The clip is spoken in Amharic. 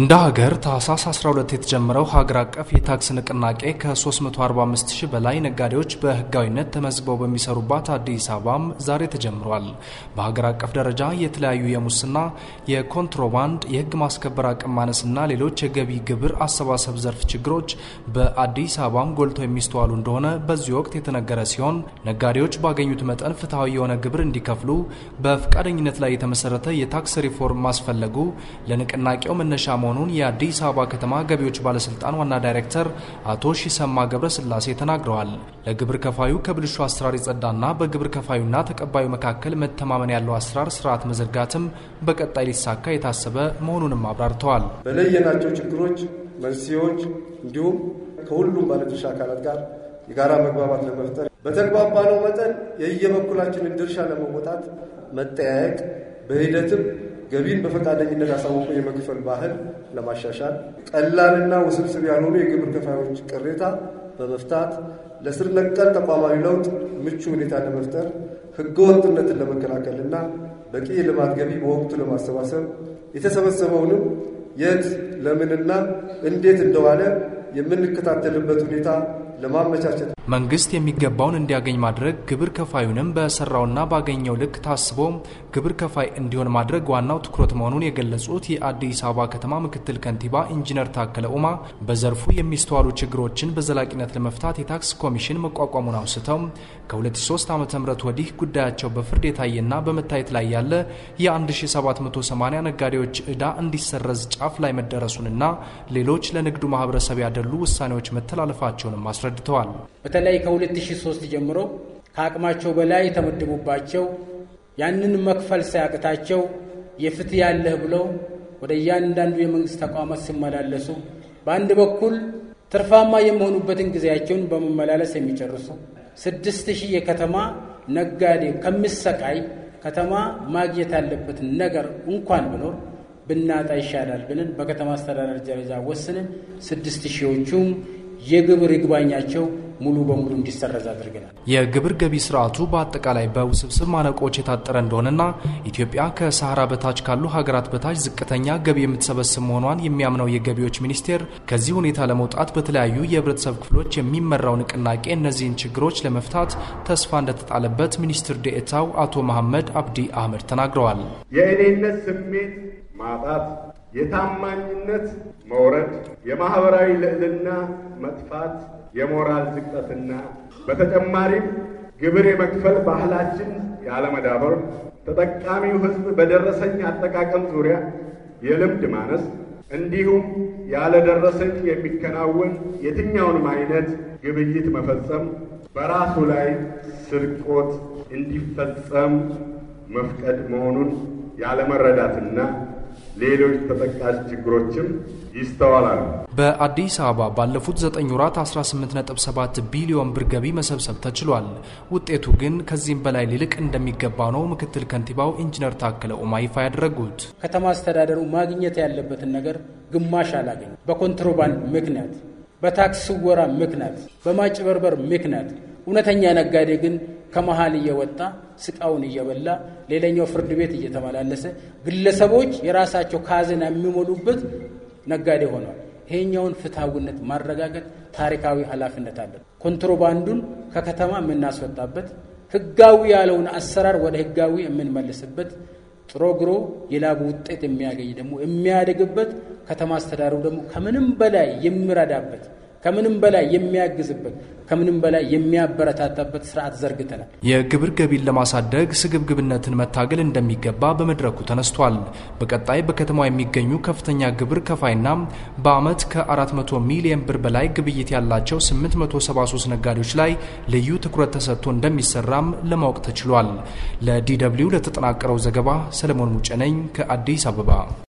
እንደ ሀገር ታህሳስ 12 የተጀመረው ሀገር አቀፍ የታክስ ንቅናቄ ከ345 ሺህ በላይ ነጋዴዎች በህጋዊነት ተመዝግበው በሚሰሩባት አዲስ አበባም ዛሬ ተጀምሯል። በሀገር አቀፍ ደረጃ የተለያዩ የሙስና፣ የኮንትሮባንድ፣ የህግ ማስከበር አቅም ማነስና ሌሎች የገቢ ግብር አሰባሰብ ዘርፍ ችግሮች በአዲስ አበባም ጎልተው የሚስተዋሉ እንደሆነ በዚህ ወቅት የተነገረ ሲሆን ነጋዴዎች ባገኙት መጠን ፍትሐዊ የሆነ ግብር እንዲከፍሉ በፈቃደኝነት ላይ የተመሰረተ የታክስ ሪፎርም ማስፈለጉ ለንቅናቄው መነሻ መሆኑን የአዲስ አበባ ከተማ ገቢዎች ባለስልጣን ዋና ዳይሬክተር አቶ ሺሰማ ገብረስላሴ ተናግረዋል። ለግብር ከፋዩ ከብልሹ አሰራር የጸዳና በግብር ከፋዩና ተቀባዩ መካከል መተማመን ያለው አሰራር ስርዓት መዘርጋትም በቀጣይ ሊሳካ የታሰበ መሆኑንም አብራርተዋል። በለየናቸው ችግሮች መንስኤዎች፣ እንዲሁም ከሁሉም ባለድርሻ አካላት ጋር የጋራ መግባባት ለመፍጠር በተግባባነው መጠን የየበኩላችንን ድርሻ ለመወጣት መጠያየቅ በሂደትም ገቢን በፈቃደኝነት አሳውቆ የመክፈል ባህል ለማሻሻል፣ ቀላልና ውስብስብ ያልሆኑ የግብር ከፋዮች ቅሬታ በመፍታት ለስር ነቀል ተቋማዊ ለውጥ ምቹ ሁኔታ ለመፍጠር ህገወጥነትን ለመከላከልና በቂ የልማት ገቢ በወቅቱ ለማሰባሰብ የተሰበሰበውንም የት ለምንና እንዴት እንደዋለ የምንከታተልበት ሁኔታ ለማመቻቸት መንግስት የሚገባውን እንዲያገኝ ማድረግ ግብር ከፋዩንም በሰራውና ባገኘው ልክ ታስቦ ግብር ከፋይ እንዲሆን ማድረግ ዋናው ትኩረት መሆኑን የገለጹት የአዲስ አበባ ከተማ ምክትል ከንቲባ ኢንጂነር ታከለ ኡማ በዘርፉ የሚስተዋሉ ችግሮችን በዘላቂነት ለመፍታት የታክስ ኮሚሽን መቋቋሙን አውስተው ከ2003 ዓ ም ወዲህ ጉዳያቸው በፍርድ የታየና በመታየት ላይ ያለ የ1780 ነጋዴዎች ዕዳ እንዲሰረዝ ጫፍ ላይ መደረሱንና ሌሎች ለንግዱ ማህበረሰብ ያደሉ ውሳኔዎች መተላለፋቸውንም አስ አስረድተዋል። በተለይ ከ2003 ጀምሮ ከአቅማቸው በላይ ተመድቡባቸው ያንን መክፈል ሳያቅታቸው የፍትህ ያለህ ብለው ወደ እያንዳንዱ የመንግሥት ተቋማት ሲመላለሱ በአንድ በኩል ትርፋማ የሚሆኑበትን ጊዜያቸውን በመመላለስ የሚጨርሱ ስድስት ሺህ የከተማ ነጋዴ ከሚሰቃይ ከተማ ማግኘት ያለበት ነገር እንኳን ብኖር ብናጣ ይሻላል ብለን በከተማ አስተዳደር ደረጃ ወስንን ስድስት ሺዎቹም የግብር ይግባኛቸው ሙሉ በሙሉ እንዲሰረዝ አድርገናል። የግብር ገቢ ስርዓቱ በአጠቃላይ በውስብስብ ማነቆች የታጠረ እንደሆነና ኢትዮጵያ ከሰሃራ በታች ካሉ ሀገራት በታች ዝቅተኛ ገቢ የምትሰበስብ መሆኗን የሚያምነው የገቢዎች ሚኒስቴር ከዚህ ሁኔታ ለመውጣት በተለያዩ የህብረተሰብ ክፍሎች የሚመራው ንቅናቄ እነዚህን ችግሮች ለመፍታት ተስፋ እንደተጣለበት ሚኒስትር ዴኤታው አቶ መሐመድ አብዲ አህመድ ተናግረዋል። የእኔነት ስሜት ማጣት የታማኝነት መውረድ፣ የማህበራዊ ልዕልና መጥፋት፣ የሞራል ዝቅጠትና በተጨማሪም ግብር የመክፈል ባህላችን ያለመዳበር፣ ተጠቃሚው ህዝብ በደረሰኝ አጠቃቀም ዙሪያ የልምድ ማነስ እንዲሁም ያለደረሰኝ የሚከናወን የትኛውንም አይነት ግብይት መፈጸም በራሱ ላይ ስርቆት እንዲፈጸም መፍቀድ መሆኑን ያለመረዳትና ሌሎች ተጠቃሽ ችግሮችም ይስተዋላሉ። በአዲስ አበባ ባለፉት 9 ወራት 18.7 ቢሊዮን ብር ገቢ መሰብሰብ ተችሏል። ውጤቱ ግን ከዚህም በላይ ሊልቅ እንደሚገባ ነው ምክትል ከንቲባው ኢንጂነር ታከለ ኡማ ይፋ ያደረጉት። ከተማ አስተዳደሩ ማግኘት ያለበትን ነገር ግማሽ አላገኝ በኮንትሮባንድ ምክንያት በታክስ ስወራ ምክንያት፣ በማጭበርበር ምክንያት እውነተኛ ነጋዴ ግን ከመሀል እየወጣ ስቃውን እየበላ ሌላኛው ፍርድ ቤት እየተመላለሰ ግለሰቦች የራሳቸው ካዝና የሚሞሉበት ነጋዴ ሆኗል። ይሄኛውን ፍትሐዊነት ማረጋገጥ ታሪካዊ ኃላፊነት አለን። ኮንትሮባንዱን ከከተማ የምናስወጣበት ህጋዊ ያለውን አሰራር ወደ ህጋዊ የምንመልስበት ጥሮ ግሮ የላቡ ውጤት የሚያገኝ ደግሞ የሚያደግበት ከተማ አስተዳደሩ ደግሞ ከምንም በላይ የሚረዳበት ከምንም በላይ የሚያግዝበት ከምንም በላይ የሚያበረታታበት ስርዓት ዘርግተናል። የግብር ገቢን ለማሳደግ ስግብግብነትን መታገል እንደሚገባ በመድረኩ ተነስቷል። በቀጣይ በከተማው የሚገኙ ከፍተኛ ግብር ከፋይና በዓመት ከ400 ሚሊዮን ብር በላይ ግብይት ያላቸው 873 ነጋዴዎች ላይ ልዩ ትኩረት ተሰጥቶ እንደሚሰራም ለማወቅ ተችሏል። ለዲ ደብልዩ ለተጠናቀረው ዘገባ ሰለሞን ሙጨነኝ ከአዲስ አበባ